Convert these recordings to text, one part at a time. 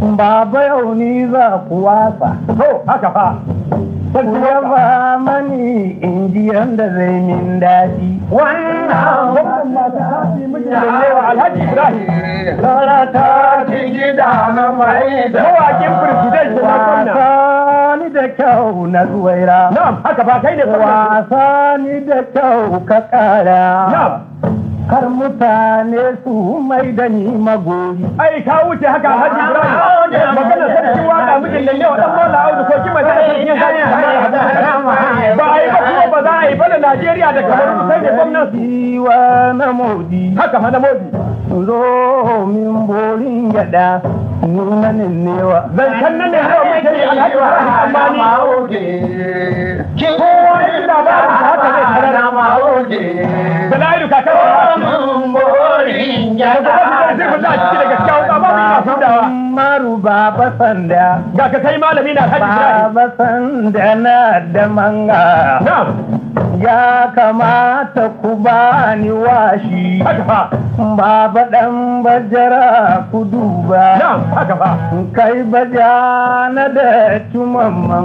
Baba yau ni za ku wasa. To, haka fa. Ku yaba mani indiyan da zai min daɗi. Wannan masu miji da yawa Alhaji Ibrahim. ta ci gida na mai da. firfidai da kyau na zuwaira. Na'am, haka da kyau ka ƙara. kar mutane su mai da ni magoyi. Ai ka wuce haka Haji Ibrahim magana sarki waka mijin da yau da sarki ya sani ba ai ba kuma ba za a yi bana Najeriya da kamar sai da gwamnati wa na modi. Haka ma na modi. Zo min bolin gada nuna Zan nan ne mai ni. yana da abu haka zai tarar da maoje bala'ilu ka zai fita ciki daga maru baba sanda ga ka kai malami na haji baba sanda na da manga ya kamata ku bani washi ba baɗan bajara ku duba kai baja na da tumamman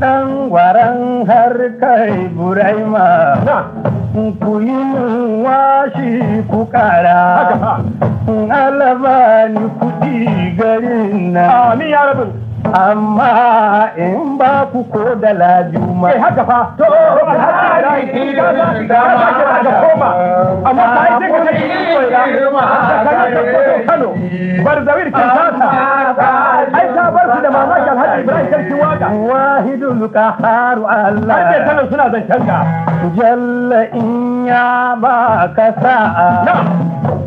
ɗan waran har kai ma ku yi washi ku ƙara alaba ni kuɗi garin na amma in ba ku ko da lajuma eh haka fa to alhaji da da da da koma amma sai sai ka tafi ko da Kano Barzawir kan tata ai ta bar su da mamaki alhaji Ibrahim sarkin waka wahidul qahar Allah ai Kano suna zancen ka jalla in ya ba ka sa'a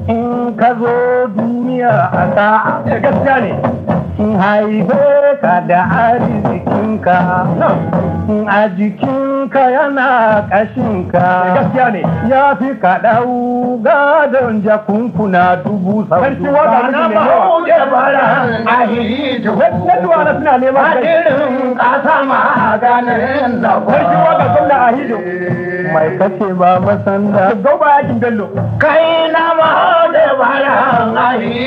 in ka zo duniya duniya a sa'a da eh, gaskiya ne in haife ka da arzikinka in a jikinka yana ƙashinka eh, gaskiya ne ya fi ka ɗau gadon jakunkuna dubu sau dubu ba na ba da bara a hiri da hudu na duwa na suna neman kai irin ƙasa ma ganin zaba sarki waka sun da a hiri mai kace ba masanda gauba yakin bello kai na ma da bara a hiri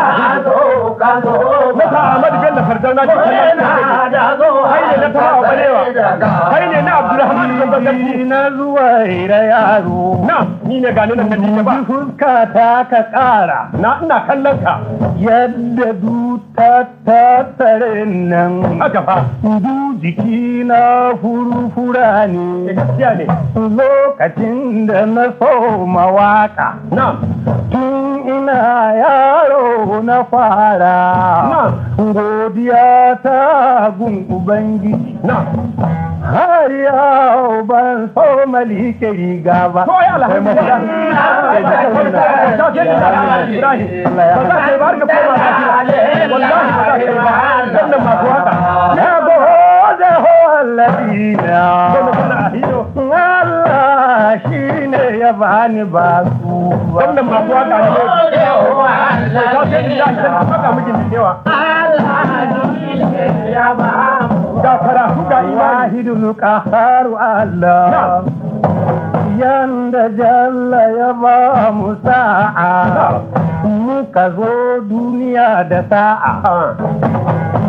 na na ne na ne zuwa hira yaro na ni ne nan nan ba fuska ta ka kara na ina kallon ka yadda duta ta tare nan a fa du jiki na furfura eh, ne lokacin da na so mawaka na ina yaro na fara godiya ta gun ubangiji har yau ban so malike riga ba na ya bani ba su ba wannan ma kuwa ka ne ka ce da ba da ga wahidul qaharu allah yanda jalla ya ba mu sa'a muka zo duniya da sa'a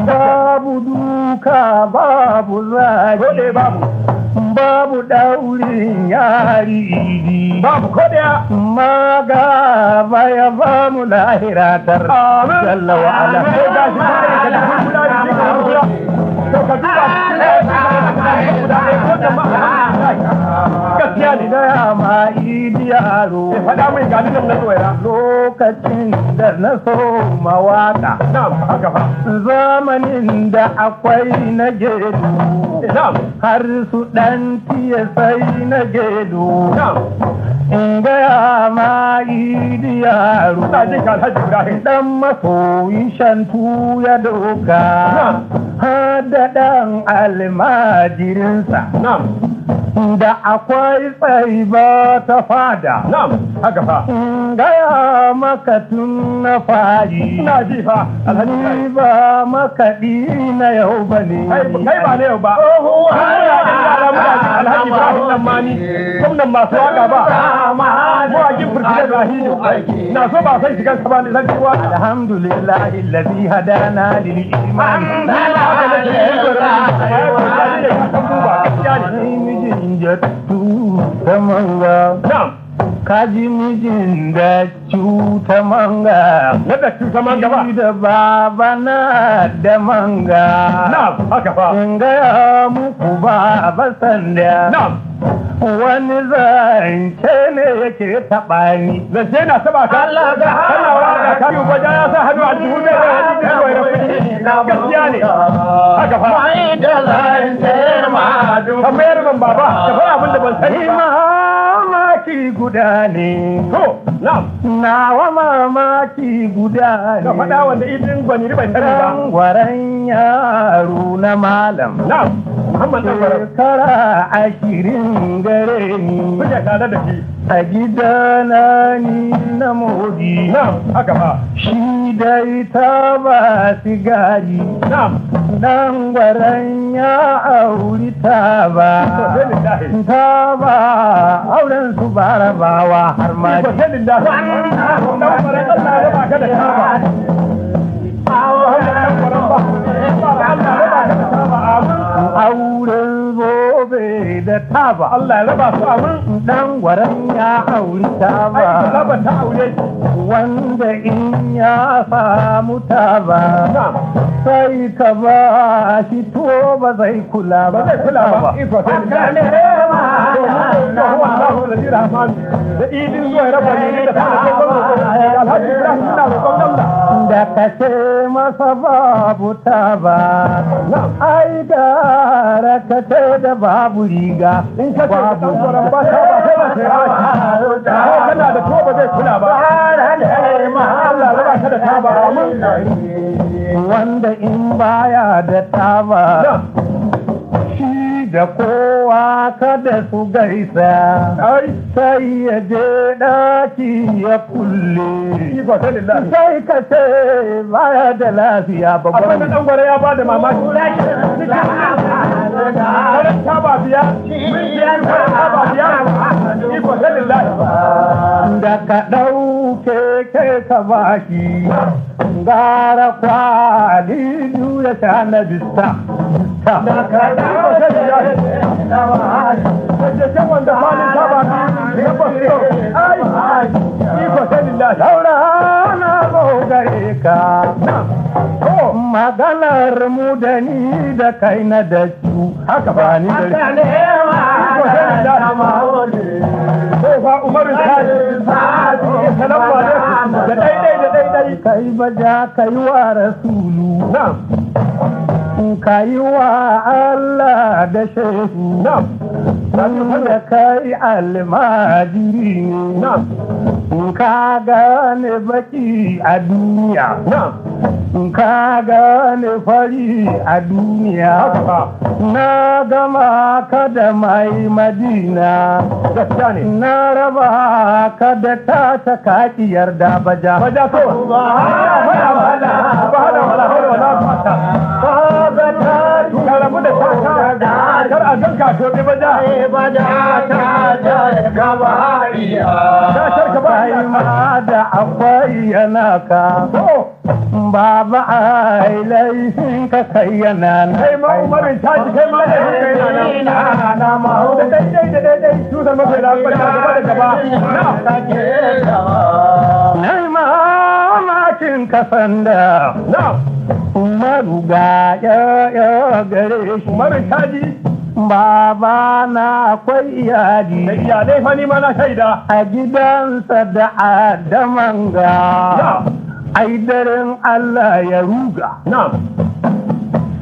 babu duka babu zaki babu babu daurin yari babu kodiya ma ga baya ba mu lahira tar sallawa ala sai ga shi da ka da kula da shi ka ka gane da ma idi yaro faɗa gani nan na lokacin da na so mawaƙa na'am haka fa zamanin da akwai na gedu na'am har su dan sai na gedu na'am in gaya ma idi yaro ɗan masoyin shantu ya doka ha da dan almajirinsa da akwai tsayi ba ta fada gaya maka tun na fari na ji fa alhaji ba makaɗi na yau ba ne kai ba na yau ba alhaji ba nan mani gwamnan masu waka ba mawakin firgidar rahimu na so ba san shigan kaba ne zan ci waka alhamdulillah illazi hadana lil imani na da da da da da da da da da da நெஞ்சத்து சமங்கா kaji mijin da cuta manga wadda cuta manga ba da baba na da manga na haka ba in muku ba ba sanda na wani zance ne yake taɓa ni zance na saba ka Allah ga wa da kafi gwada ya sa hannu a dubu da hannu da da gaskiya ne da fa mai da da kamar ban baba da fara abin da ban sani da mamaki guda ne. To, na. Nawa mamaki guda ne. Ka faɗa wanda idin gwani bai tare ba. Ɗan yaro na malam. Na. Muhammad Ɗan Shekara ashirin gare ni. Kuke tare da shi. A gidana ni na Na, haka ba. shi dai ta ba sigari nan gwaran ya auri ta ba ta ba auren su ba rabawa har ma Allah auren zobe da taba Allah ya raba su amin dan gwaran ya auri taba ai ta aure wanda in ya samu taba sai ka ba shi to ba zai kula ba zai kula ba iko sai ne ma na Allahu da rahman da idin zuwa raba ne da kana ko ko alhaji Ibrahim na roƙon Allah da ce masa babu ta ba ai gara ce da babu riga in ka ce ba ta ba sai ba sai ba ba ta ba ta ba zai kula ba eh, ba ta da ta ba wanda in baya da ta ba da kowa kada su gaisa ai sai ya je daki ya kulle sai ka ce baya da lafiya babban abin da ɗan gwara ya bada mamaki karan ta ba biya karan ta ba biya iko da ka ɗauke ke ka baki gara kwali ya sha na bista da ka da ka da da wa da ta mu da ni da kai na da su haka ba ni da da umaru da daidai da daidai kai ba da kai wa rasulu ka wa Allah da shehu da kai almajiri ka gane baki a duniya ka gane fari a duniya na gama ka da mai madina na raba ka da ta ta kaki yarda baja baja to ba hada wala ba hada wala ba hada wala don kaso ne ba da da ta da ta ba da akwai yana ka Baba a laifin ka kai yana na kai ma umarin ta ji kai ma da kai na na na ma da dai dai da dai dai su mafi da da gaba da gaba na ta ke na ma ma kin kasan da na umaru ga ya ya gare shi umarin ta ji Baba na akwai iyali. Da iyalai fa mana shaida. A gidansa da Adaman ga. Ai daren Allah ya ruga.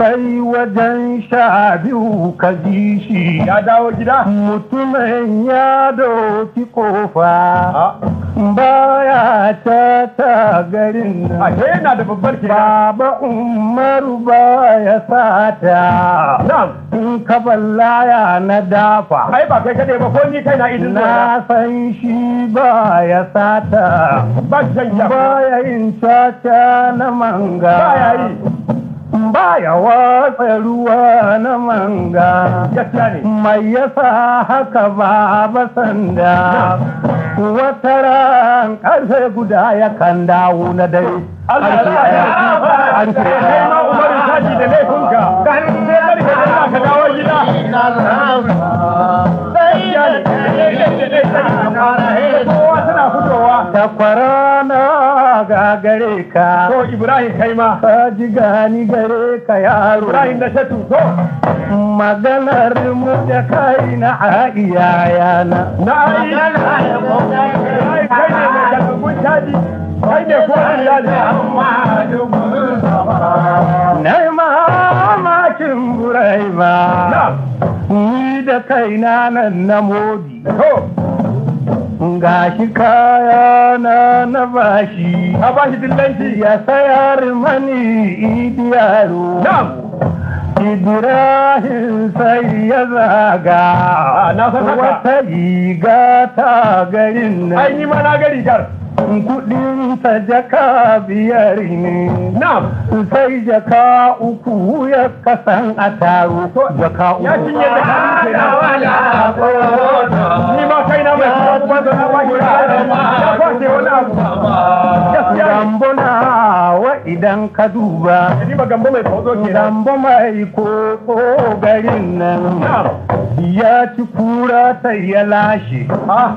Sai wajen sha biyu ka ji shi. Ya dawo gida? Mutumin ya doki kofa. Baya ta ta garin nan. Baba Umaru baya sata. Na'am. kafan laya na dafa ai ba kai kade ba ko ni kai na idin na san shi ba ya sata ba ya yin caca na manga ba ya yi ya watsa ruwa na manga mai yasa haka ba sanda. wata ran karfe guda ya kan dawo na dare ya takwarana ga ka. To Ibrahim kai ma. Ka ji gani gare ka yaro. Ibrahim da shatu to. Maganar mu da kai na aiya yana. Na aiya da kai ne mai daga guntaji. Kai ne ko an yada. Na mamakin Buraiba. Na. ni da kaina nan na modi gashi kaya na na bashi a bashi dillanci ya sayar mani idiyaro ibrahim sai ya zaga ah, wata riga ta garin nan an yi mana gari gar kudin sa jaka biyar ne sai jaka uku ya kasan a taro jaka uku ya cinye da hannu na wala ni ma kai na mai kuma kuma da hawa shi ya kwace wani abu gambo na wa idan ka duba gambo mai kozo ke gambo mai koko garin nan ya ci kura ta yi lashe ah,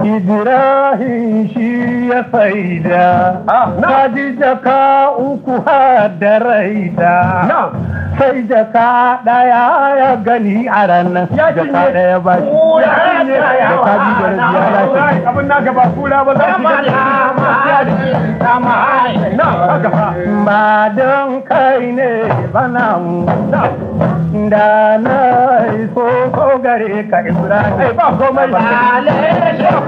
Ibrahim shi ya faida, ah, kaji jaka uku da raida. Sai jaka ɗaya ya gani a ranar jaka ɗaya ba shi. Ya biyu da rabi ya lashe. Abin na gaba kura ba za su Ba don kai ne bana mu. Da na iso so gare ka Ibrahim. Ba komai. ba.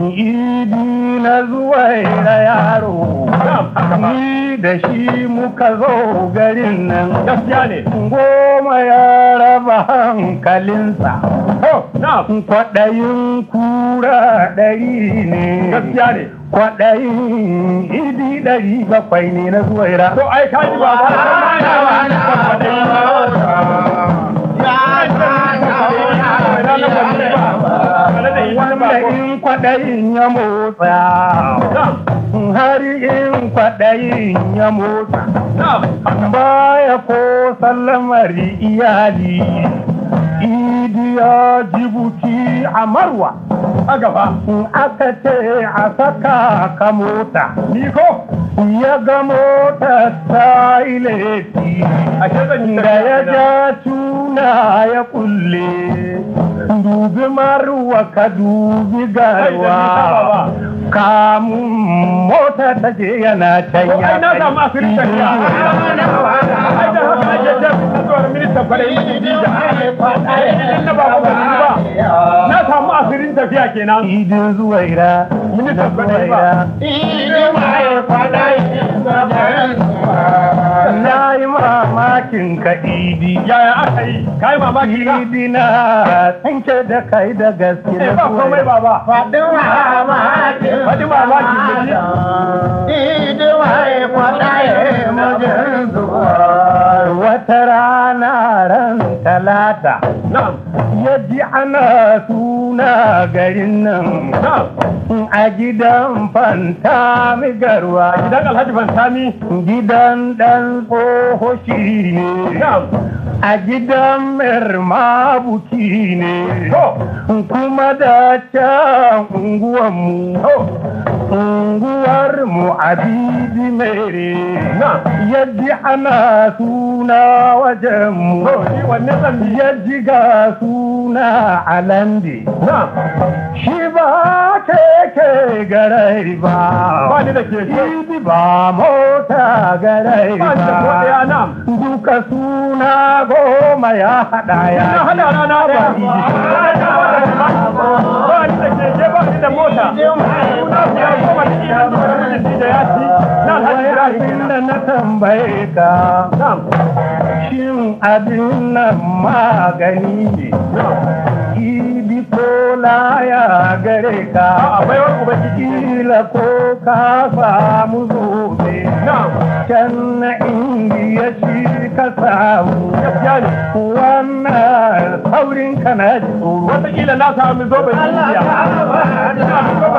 idi na zuwaira yaro ni da shi muka zo garin nan goma ya raba hankalinsa kwaɗayin kura ɗari ne kwaɗayin idi ɗari bakwai ne na zuwaira to ai kaji ba ba in kwaɗayin ya motsa har in kwaɗayin ya motsa baya ko sallamari iyali idiya jibuti a marwa a gaba aka ce a saka ka mota niko ya ga mota ta ileti da ya ja na ya kulle dubi maruwa ka dubi garwa kamun mota ta je yana can na samu asirin tafiya ai da haka ake jami zuwa minista kwarai mai na na samu asirin tafiya idin zuwa ira ba Na yi mamakin ka idi. Yaya aka yi? Ka yi mamakin ka? Idi na tsinke da kai da gaske. da eh, ba komai baba. Faɗi mamakin. Faɗi mamakin ka ji. Idi wai kwaɗaye mujin zuwa. Wata rana ran talata. Ya ji ana suna garin nan. A gidan fantami garwa. Gidan alhaji fantami. Gidan dan. ɗan tsoho ne a gidan mabuki ne kuma da can unguwanmu unguwar mu abidi mere yadda ana suna wajenmu yadda ga suna alande shi ba keke garai ba ba ba mota garai ba duka suna goma ya hada ya na hada na na ba ni da keke ba da mota da da na na tambaye ka shin abin nan magani ne tona ya gare ka kila ko ka samu zobe can na indiya shi ka samu wannan saurin ka na ji tsoro na samu zobe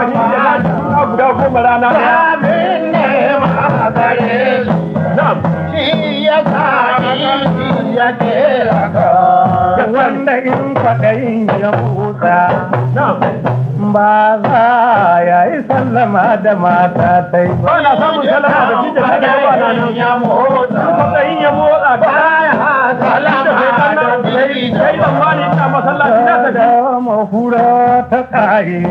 indiya na guda goma rana ya ne ma gare su na'am shi ya sami ya kera ka wanda in kwaɗayin ya busa na'am ba za ya yi sallama da mata ta yi ba na samun sallama da cikin da ta gaba na nan ya motsa kwaɗayin ya motsa ba ya sallama da bai sai ban wani ta masallaci na ta da mahura ta kare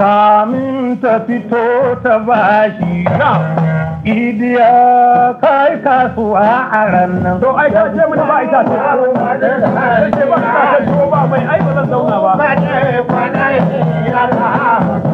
kamin ta fito ta bashi na'am Idiya kai kasuwa a ranar. To ai ka ce mini ba ita ce. Ba ba mai ai ba zan zauna ba. Ba ba